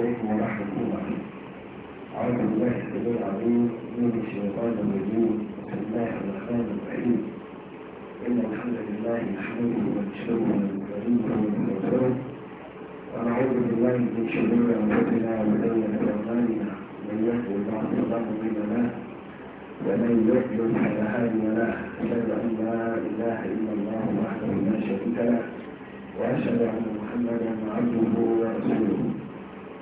عليكم ورحمة الله وبركاته أعوذ بالله السميع العليم من الشيطان الرجيم بسم الله الرحمن الرحيم إن الحمد لله نحمده ونشكره ونستعينه ونستغفره ونعوذ بالله من شرور أنفسنا وسيئات أعمالنا من يهده الله فلا مضل له ومن يضلل فلا هادي له أشهد أن لا إله إلا الله وحده لا شريك له وأشهد أن محمدا عبده ورسوله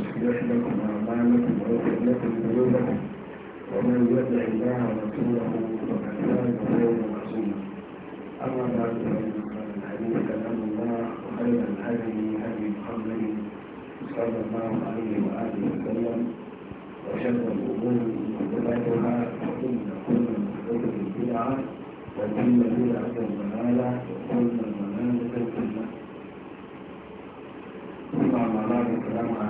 يصلح لكم أعمالكم ويغفر لكم ذنوبكم ومن يطع الله ورسوله فقد فاز فوزا عظيما أما بعد فإن الحديث كلام الله وخير الهدي هدي محمد صلى الله عليه وآله وسلم وشر الأمور محدثاتها فإن كل محدثة بدعة وكل بدعة ضلالة وكل ضلالة في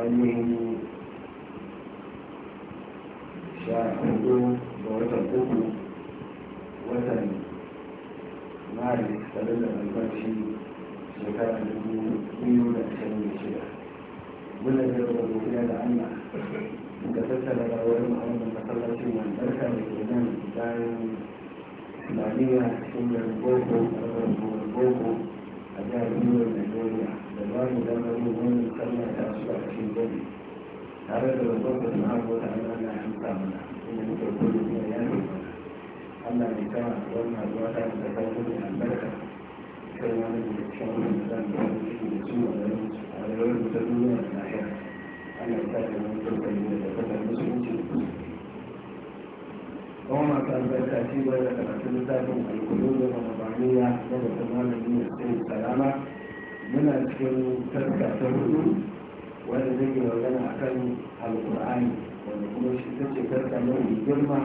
ainihin sha hudu da watan uku watan maris tare da albashi shekara dubu biyu da ashirin da shida muna jirga godiya da allah da tattara da wurin ma'aunin masallacin wandarka da ke nan bayan islamiyya cikin garin boko a garin boko a jihar biyu da nigeria da ba mu damar yin wannan sallah da su a cikin gobe tare da babban da na hagu da ana na hamsa mana inda muka gudu kuma ya ne mana allah mai kama wannan ruwa ta da ta gudu da albarka kai ma da ke cikin wannan zan da wani ciki da su a rayuwar mu ta duniya da lahira allah ta da wani tattali da ta fata musulunci da musulunci وما كان بالتأكيد ولا تمثل ذاتهم القلوب والربانية وبتمام الدين السلامة muna cikin tattaka ta hudu wanda zai yi magana a kan alkur'ani wanda kuma shi ta ce tattaka nau'i girma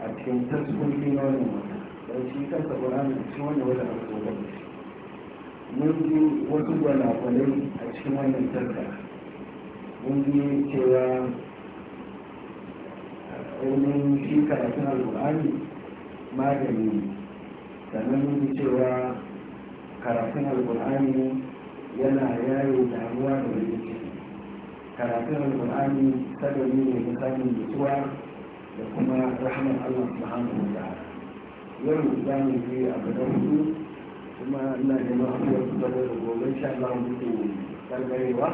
a cikin tasirki na wani wata don shi ta ƙur'ani a cikin wanda wata aka tsoka da shi mun ji wasu gwalagwalai a cikin wannan tattaka mun ji cewa wani eh, shi karatun alkur'ani magani sannan mun ji cewa karatun alkur'ani yana yayo damuwa da rage karatun alƙur'ani sadari ne na samun mutuwa da kuma rahmar allah su hannu da yau za mu yi a gada hudu kuma ina da mahaifiyar su zama da gobe sha Allah mu ke gargarewa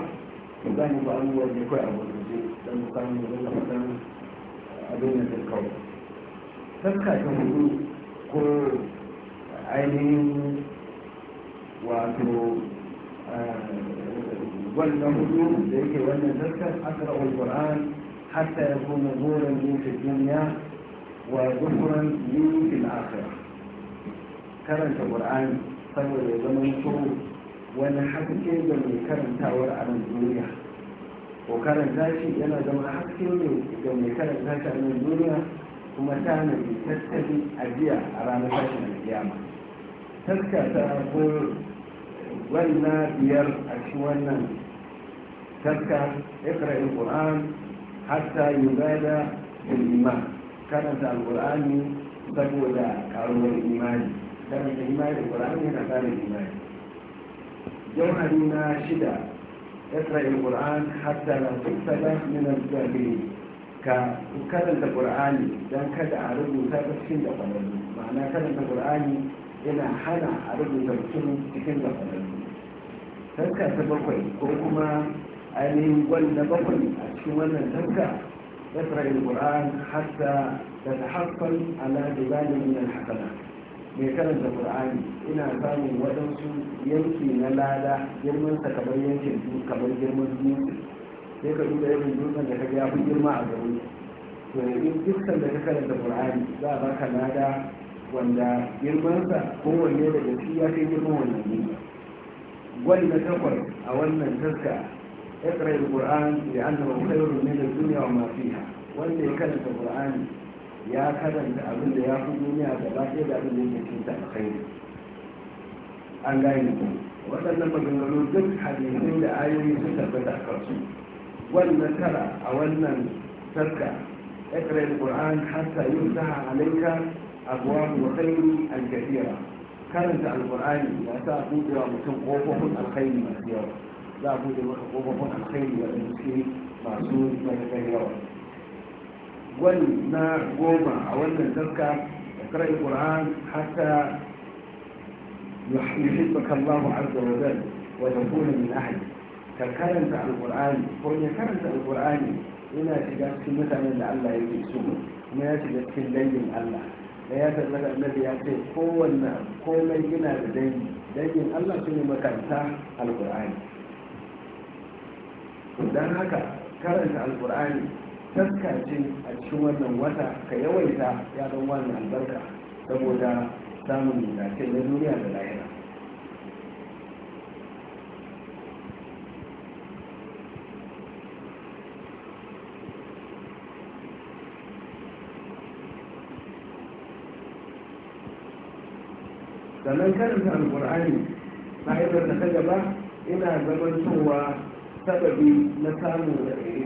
to za mu ba abubuwan da kai a gurguje don mu samu da zama eh, abin da ta kawo sarka ta hudu ko ainihin wato wannan hudu da yake wannan zarkar asra'u al-qur'an hatta yakuna nuran min fi dunya wa dhufran min fi al karanta qur'ani saboda ya zama so wani haske da mai karantawar a nan duniya ko karanta shi yana zama haske ne da mai karanta shi a nan duniya kuma ta nabi tattali ajiya a ranar tashin kiyama ta ko wannan biyar a shi wannan taska ikra alquran hatta yubada bil iman karanta alqurani saboda karuwar imani karanta imani alqurani yana kare imani jauhari na shida ikra alquran hatta la tuksala min al-jahilin ka karanta qur'ani dan kada a rubuta cikin da ma'ana karanta qur'ani yana hana a rubuta cikin da tanka ta bakwai ko kuma ainihin gwal na bakwai a cikin wannan tanka yasra al-qur'an hatta hafan ala dibalin min al-hasana mai karanta qur'ani ina samun waɗansu yanki na lada girman sa kamar yankin kamar girman dutse sai ka duba irin dutsen da ka ya fi girma a garin to yanzu dukkan da ka karanta qur'ani za a baka lada wanda girmansa kowanne daga shi ya kai girman wannan ne wani na takwas a wannan taska ya tsara da ƙur'an da an zama kairu ne da duniya wa mafiya wanda ya karanta ƙur'ani ya karanta abin da ya fi duniya da ba ɗaya da abin da yake cinta a kai an gane ku waɗannan maganganu duk hadisai da ayoyi sun tabbata a kansu wannan tara a wannan taska ya tsara da ƙur'an hatta yusaha alaika abuwa mu khairu al-kathira karanta alkur'ani ya sa buɗewa mutum ƙofofin alkhairi masu yawa za a buɗe maka ƙofofin alkhairi waɗanda suke masu matuƙar yawa wani na goma a wannan zarka da karai ƙur'an hatta yuhibbaka Allah azza wa jalla wa takuna min ahli ka karanta alqur'ani ko ya karanta alkur'ani yana shiga cikin mutanen da Allah yake so kuma ya shiga cikin dangin Allah da ya tabbata annabi ya ce kowanne komai yana da dangi dangin Allah su ne makaranta alkur'ani don haka karanta alkur'ani taskacin a cikin wannan wata ka yawaita ya don wannan albarka saboda samun ce na duniya da lahira sannan karanta alkur'ani haifar da ta gaba ina zamantowa sababi na samu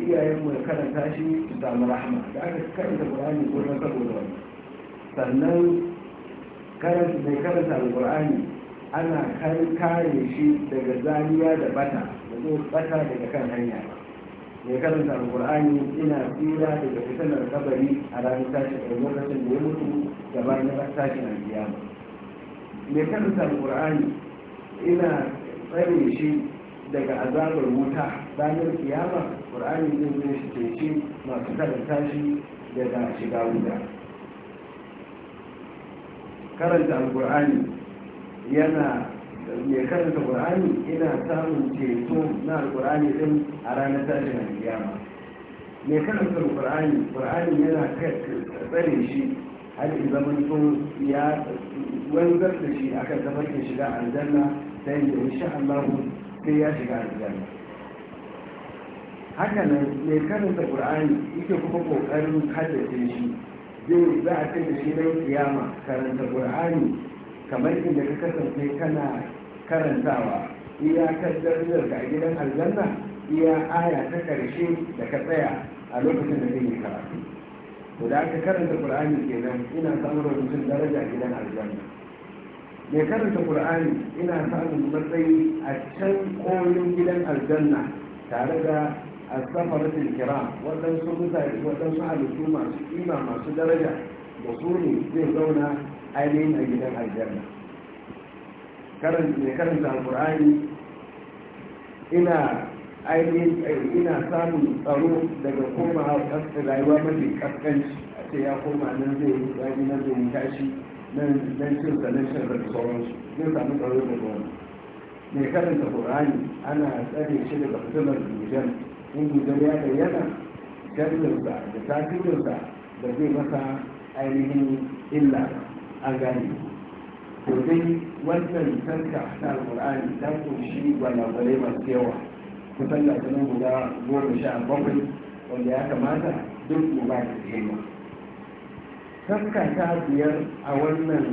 iyayenmu da karanta shi su samu rahama da aka da Alƙur'ani ko na saboda wani sannan karanta mai karanta alkur'ani ana kare shi daga zaniya da bata da zo bata daga kan hanya mai karanta alkur'ani ina tsira daga fitanar kabari a ranar tashin lokacin da ya mutu da bayan tashin alkiyama mai karanta alkur'ani ina tsare shi daga azabar wuta ranar kiyama ƙur'ani zai zai shi masu karanta shi daga shiga wuta karanta alkur'ani yana mai karanta ƙur'ani ina samun ceto na alkur'ani din a ranar tashin kiyama mai karanta alkur'ani ƙur'ani yana tsare shi har zaman ya wanzar da shi akan ke shiga aljanna ta yadda insha Allah sai ya shiga aljanna haka nan mai karanta qur'ani yake kuma kokarin haddace shi zai za a kai da shi ran kiyama karanta qur'ani kamar inda ka kasance kana karantawa iyakar darajar ga gidan aljanna iya aya ta karshe da ka tsaya a lokacin da kake karatu to aka karanta qur'ani kenan ina samun rubutun daraja gidan aljanna mai karanta qur'ani ina samun matsayi a can koyon gidan aljanna tare da asafaratul kiram waɗansu mutane waɗansu halittu masu kima masu daraja da su ne zai zauna ainihin a gidan aljanna mai karanta alkur'ani ina ainihin ina samun tsaro daga koma rayuwa mafi kaskanci a ce ya koma nan zai yi nan zai yi tashi don cin sanashin da sauransu zai samu tsaro da gona mai karanta ƙorani ana tsare shi daga mutumar dujan in dujan ya bayyana sharrinsa da tasirinsa da zai masa ainihin illa an gane to dai wannan tarka ta alƙur'ani ta kunshi gwalagwalai masu yawa kusan da guda goma sha bakwai wanda ya kamata duk mu ba ta tafka ta biyar a wannan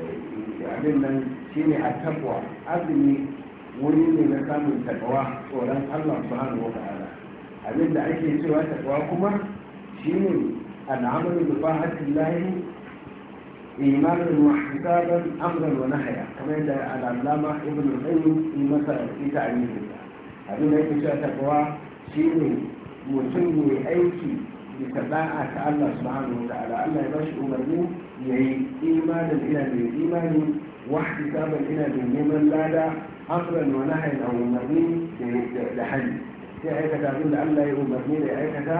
eh, abin nan shi ne a takwa azumi wuri ne na samun takawa tsoron allah hannu wa ta'ala abin da ake cewa takawa kuma da ba bi layi imanin wa hisaban amran wa nahya kamar da al'allama ibn al'ayyu yi masa ita a yi abin da ake cewa takawa ne mutum mai aiki bisa da'a ta Allah subhanahu wa ta'ala Allah ya bashi umarni ya imanin ina da imani wahdi saban ina da neman lada amran wa nahayin a umarni da hali sai aikata abin da Allah ya umarni da ya aikata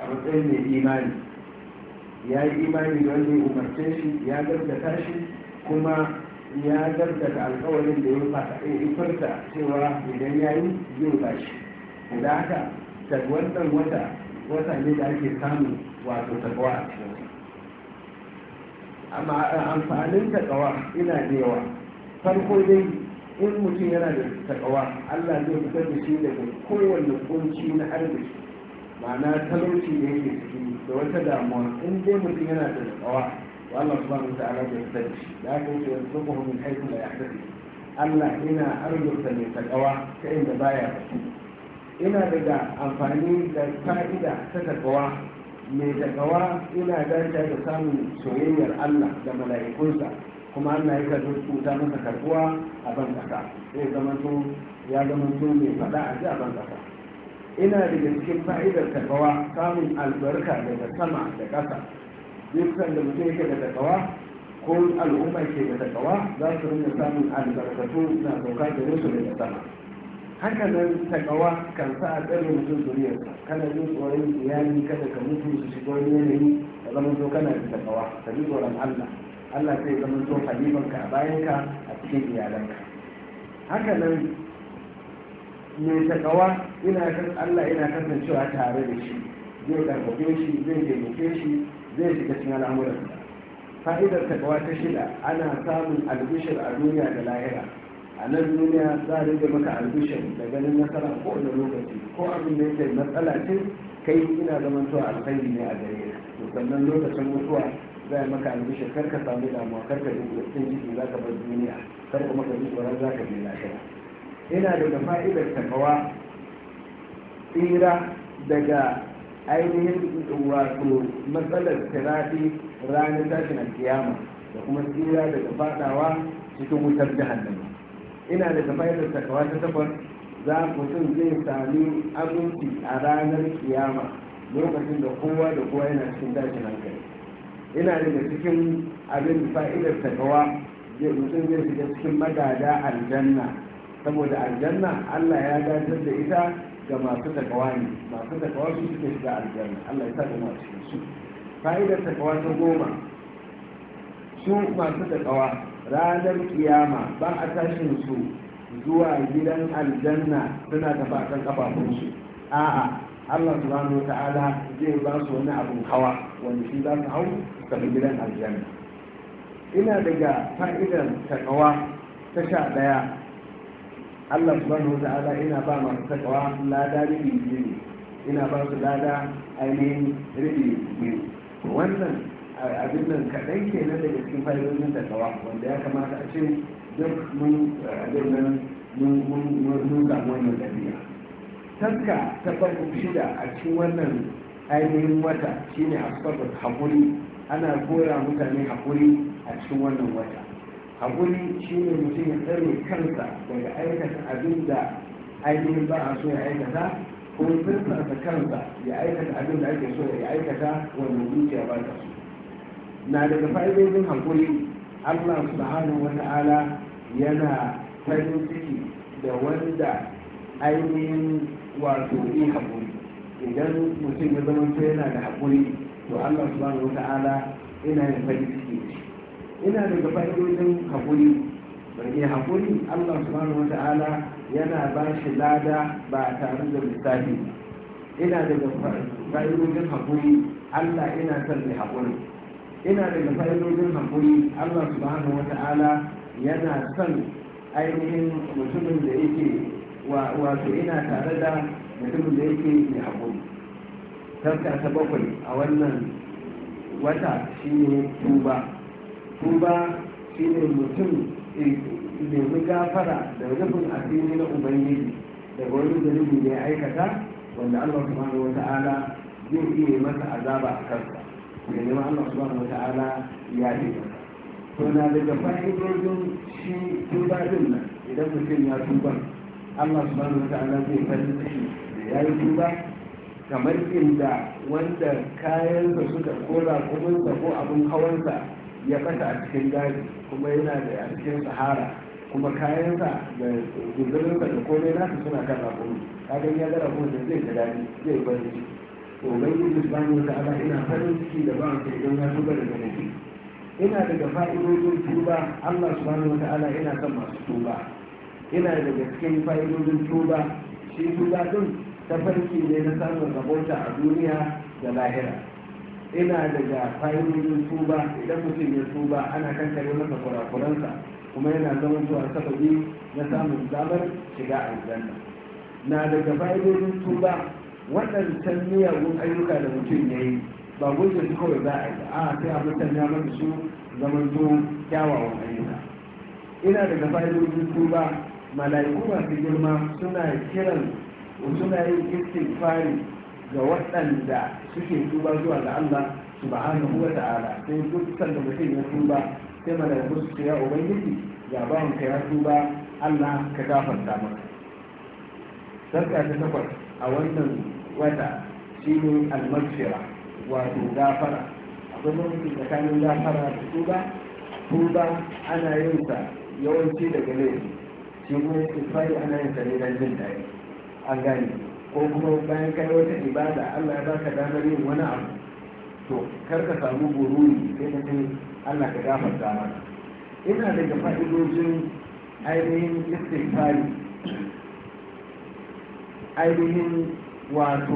a matsayin mai imani ya yi imani da wanda ya umarce shi ya gargata shi kuma ya gargata alkawarin da ya farta cewa idan ya yi zai ba shi da haka wannan wata wata ne da ake samun wato takawa a cikin amma amfanin takawa ina da yawa farko dai in mutum yana da takawa allah zai fitar da shi daga kowane kunci na arziki ma'ana talauci da yake ciki da wata damuwa in dai mutum yana da takawa والله سبحانه وتعالى يرتدش لا mun يرزقه من حيث Allah يحتسب الله هنا takawa ta inda baya بايع ina daga amfani da fa'ida ta takawa mai takawa ina dace da samun soyayyar allah da mala'ikunsa kuma allah ya rubuta masa karbuwa a ban kasa sai ya zamanto mai faɗa a ji a ban ina daga cikin fa'idar takawa samun albarka daga sama da ƙasa dukkan da mutum yake da takawa ko al'umma ke da takawa za su rinka samun albarkatu na sauka da su daga sama haka nan takawa kan sa a tsarin mutum duniya kana yi tsoron iyali kada ka mutu su shiga wani yanayi ka zama to kana da takawa ka tsoron Allah Allah zai zama to a bayanka a cikin iyalanka haka nan mai takawa ina kan Allah ina kasancewa tare da shi zai karfafe shi zai taimake shi zai shiga cikin al'amuransa fa'idar takawa ta shida ana samun albishir a duniya da lahira a nan duniya za a rage maka albishin da ganin nasara ko da lokaci ko abin da yake matsala ce kai ina zaman to alkhairi ne a gare to sannan lokacin mutuwa za a maka albishin kar ka samu damuwa kar ka duk cikin jiki za ka bar duniya kar kuma ka tsoron za ka je lafiya ina daga fa'idar takawa tsira daga ainihin wato matsalar tirafi ranar tashin alkiyama da kuma tsira daga fadawa cikin wutar jihar jahannama ina da tafayar takawa ta takwas za ku sun zai sami abinci a ranar kiyama lokacin da kowa da kowa yana cikin dajin hankali ina daga cikin abin fa'idar zai mutum zai shiga cikin magada aljanna saboda aljanna allah ya gajar da ita ga masu takawa ne masu takawa su suke shiga aljanna allah ya sa da masu su fa'idar takawa ta goma su masu takawa ranar kiyama ba a tashin su zuwa gidan aljanna suna tafa kan kafafunsu a'a Allah subhanahu ta'ala zai ba su wani abun hawa wanda shi za su hau tafi gidan aljanna ina daga fa'idar takawa ta sha daya Allah subhanahu ta'ala ina ba masu takawa lada ribi biyu ina ba su lada ainihin ribi biyu wannan abin nan kaɗai ke na daga cikin da kawa wanda ya kamata a ce duk mun eh, abin nan mun gamu wannan ɗabi'a taska ta farko shida a cikin wannan ainihin wata shine asbabat haƙuri ana koya mutane haƙuri a cikin wannan wata haƙuri shine mutum ya tsare kansa daga aikata abin da ainihin ba a so ya aikata ko tsirtsarsa kansa ya aikata abin da ake so ya aikata wanda zuciya ba ta so na daga fa’idojin haƙuri allah subhanahu wa ta'ala yana farin ciki da wanda ainihin wato yi haƙuri idan mutum ya zama yana da haƙuri to allah subhanahu wa ta'ala ina yin farin ciki ina daga fa'idodin haƙuri mai haƙuri allah subhanahu wa ta'ala yana ba shi lada ba tare da lissafi ina daga fa’idojin haƙuri allah ina son mai haƙuri ina da fa'idodin haƙuri allah subhanahu ta'ala yana son ainihin mutumin da yake wato ina tare da mutumin da yake mai haƙuri tafka ta bakwai a wannan wata shine tuba tuba shine mutum nemi gafara da rufin asiri na ubangiji daga wani zunubi da ya aikata wanda allah subhanahu ta'ala zai iya masa azaba a kansa ya nema Allah subhanahu wata'ala ya yi to na daga fa'idodin shi tuba din nan idan mutum ya tuba Allah subhanahu wata'ala zai farin ciki da ya yi tuba kamar inda wanda kayansa suka kora kuminsa ko abin hawansa ya kasa a cikin daji kuma yana da a cikin sahara kuma kayansa da gudurinsa da komai nasu suna kan rakumi kagan ya ga rakumi da zai da daji zai bari ubangiji subhanahu wa ta'ala ina farin ciki da ba ta idan ya tuba daga nabi ina daga fa'idodin tuba Allah subhanahu wa ta'ala ina son masu tuba ina daga cikin fa'idodin tuba shi tuba din tafarki ne na samun rabota a duniya da lahira ina daga fa'idodin tuba idan mutum ya tuba ana kankare masa kurakuransa kuma yana zama zuwa sababi na samun damar shiga aljanna na daga fa'idodin tuba waɗancan miyagun ayyuka da mutum ya yi ba gudun su kawai za a yi a sai a mutum ya mata su zaman zo kyawawan ayyuka ina da daga su ba, mala'iku masu girma suna kiran suna yin fari ga waɗanda suke tuba zuwa ga Allah subhanahu wa ta'ala sai dukkan da mutum ya tuba sai mala'iku su ya ubangiji ga ba ka ya tuba Allah ka gafarta maka sarka ta takwas a wannan wata shi ne almasfira wato gafara akwai lokacin tsakanin gafara da tuba tuba ana yin sa yawanci daga laifi shi ne istighfari ana yin sa ne don jin daɗi an gane ko kuma bayan kai wata ibada Allah ya baka damar yin wani abu to kar ka samu gururi sai ka ce Allah ka gafarta mana ina daga fa'idojin ainihin istighfari ainihin wato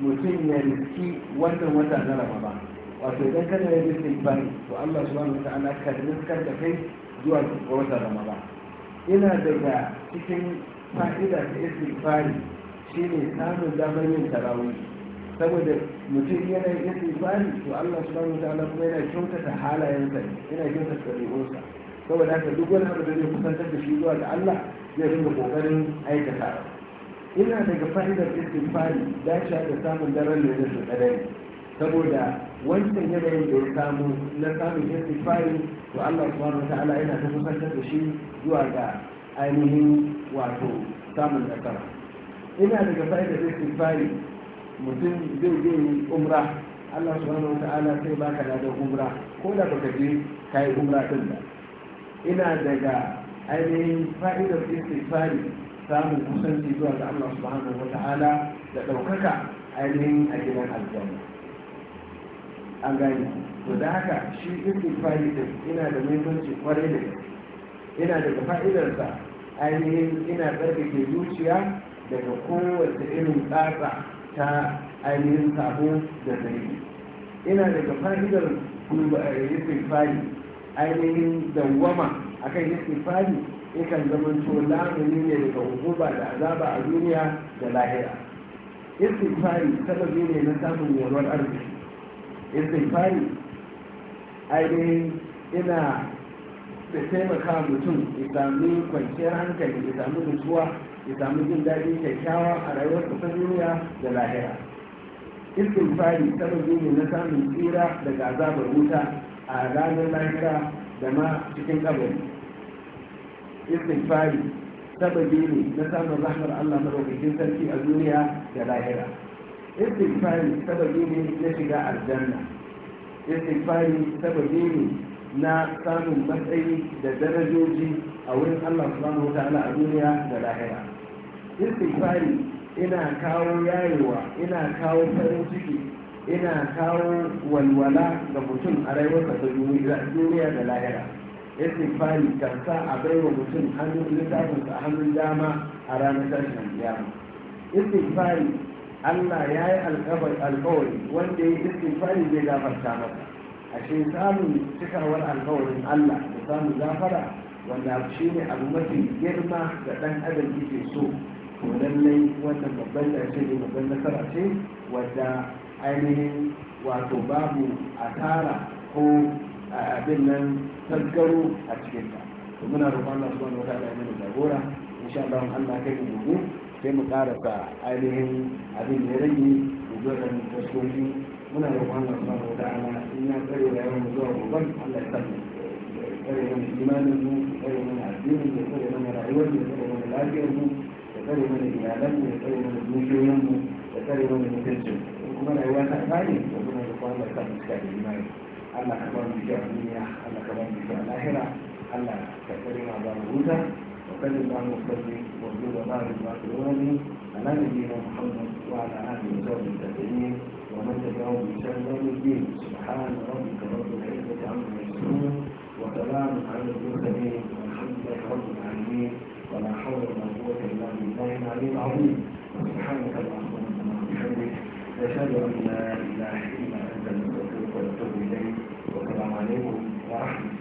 mutum ya riski wannan wata na ramadan wato idan kana yin istighfari to Allah subhanahu wa ta'ala ka riskar da kai zuwa ga wata ramadan ina daga cikin fa'ida ta shi shine samun damar yin tarawih saboda mutum yana yin istighfari to Allah subhanahu wa ta'ala kuma yana kyautata halayensa yana kyautata ɗabi'unsa saboda haka duk wani abu da zai kusantar da shi zuwa ga Allah zai rinka ƙoƙarin aikata ina daga fa'idar istighfari fari da samun daren da su kadari saboda wancan yanayin da ya samu na samun fari to Allah subhanahu ta'ala yana ta kusantar da shi zuwa ga ainihin wato samun nasara ina daga fa'idar fari mutum zai je umra Allah subhanahu ta'ala sai baka da umra ko da baka je kai umra din ina daga ainihin fa'idar fari. samun kusanci zuwa ga Allah subhanahu wa ta'ala da ɗaukaka ainihin a gidan aljanna an gani to da haka shi istighfari din ina da muhimmanci kwarai da ina daga fa'idarsa ainihin ina tsarkake zuciya daga kowace irin tsatsa ta ainihin sabo da zai ina daga fa'idar istighfari ainihin dawwama akan istighfari yakan zama to lamuni ne daga uzuba da azaba a duniya da lahira istighfari sababi ne na samun yalwar arziki istighfari ainihin ina da taimaka mutum ya sami kwanciyar hankali ya sami nutsuwa ya sami jin daɗi kyakkyawa a rayuwar ta duniya da lahira istighfari sababi ne na samun tsira daga azabar wuta a ranar lahira da ma cikin kabari istighfari sababi ne na samun rahmar Allah madaukakin sarki a duniya da lahira istighfari sababi ne na shiga aljanna istighfari sababi ne na samun matsayi da darajoji a wurin Allah subhanahu wa ta'ala a duniya da lahira istighfari ina kawo yayewa ina kawo farin ciki ina kawo walwala ga mutum a rayuwarsa ta duniya da lahira istighfari kan sa a baiwa mutum hannun littafin a hannun dama a ranar tashin kiyama istighfari Allah ya yi alkawari wanda ya yi istighfari zai gafarta masa ashe samun cikawar alkawarin Allah da samun gafara wanda shi ne abu mafi girma da ɗan adam yake so to lallai wannan babban dace ne babban nasara ce wadda ainihin wato babu asara ko abin nan tankaro a cikin ta to muna roƙon Allah subhanahu ta'ala ya mana gora, insha Allah Allah kai mu sai mu ka ainihin abin da ya rage gobe da muna roƙon Allah subhanahu wataala in ya tsare da yawan zuwa gobe Allah ya sani tsare mana imanin mu tsare mana addinin mu tsare mana rayuwar mu tsare mana lafiyar mu tsare mana iyalan mu tsare mana dukiyoyin mu da tsare mana mutuncin kuma rayuwa ta kare da kuma da ya kan iska da imani Allah ka ba mu ji a duniya Allah ka ba mu ji a lahira Allah ka tsare ma ba mu huta wa kallin ba mu kalli wa zuwa ba mu ba mu wani ala nabiyina Muhammad wa ala alihi wa sahbihi tabi'in wa man tabi'ahum bi ihsan ila yawm الدين سبحان ربك رب العزة عما يصفون وسلام على المرسلين والحمد لله رب العالمين ولا حول ولا قوة إلا بالله العلي العظيم سبحانك اللهم وبحمدك نشهد أن لا إله إلا أنت نستغفرك ونتوب إليك 啊。